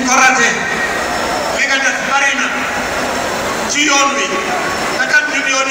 dañ ko raté li nga def ci yoon wi te kat ñun yoon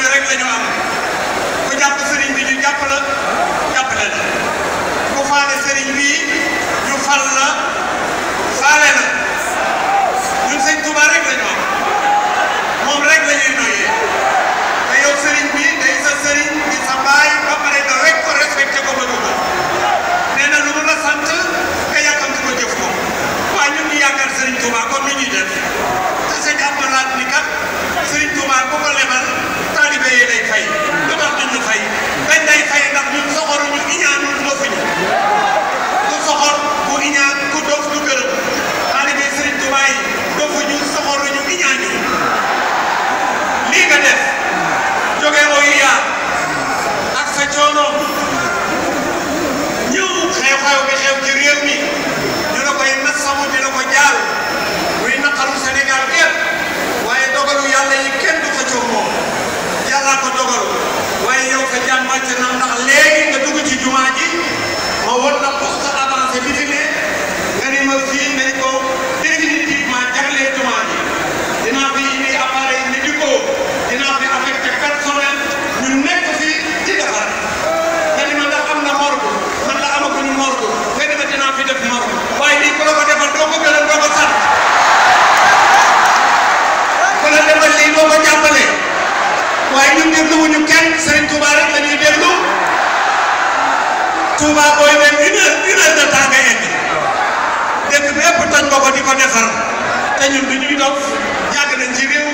ko dogal waaye yow ka jàmm wàcc na ndax léegi nga dugg ci jumaa ji ñun dégluwuñu kenn Serigne Touba rek la ñuy déglu Touba booy dem une heure une heure de temps ngay indi dëkk bépp di ko defar te ñun du ñuy dof yàgg nañ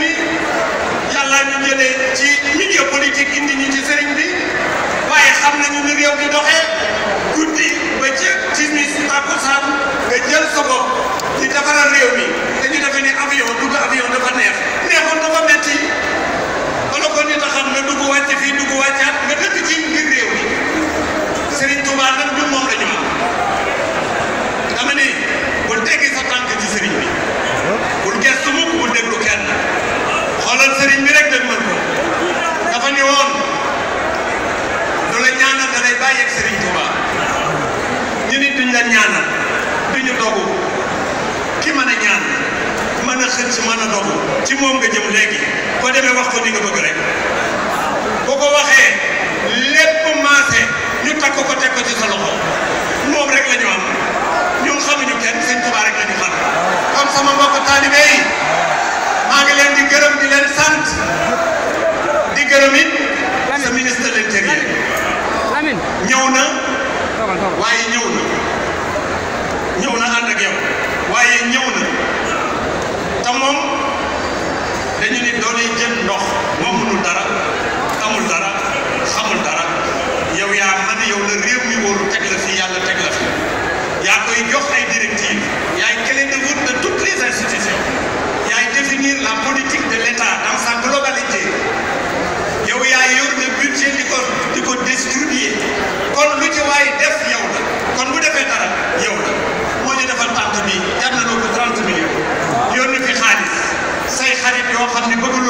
ñaanal bi ñu dogu ki mën a ñaan mën a xëcc mën a dogu ci moom nga jëm léegi boo demee wax ko ni nga bëgg rek boo ko waxee. jël ndox moom mënul dara amul dara xamul dara yow yaa mën yow la réew mi wóoru teg la fi yàlla teg la fi yaa koy jox ay directives yaay clé de voûte de toutes les institutions yaay définir la politique de l'État dans sa globalité yow yaay yor le budget di ko di ko lu ci waay def yow la kon bu defee dara yow la moo ñu defal tànt bi jar na ko 30 millions yónni fi xaalis say xarit yoo xam ne bëggul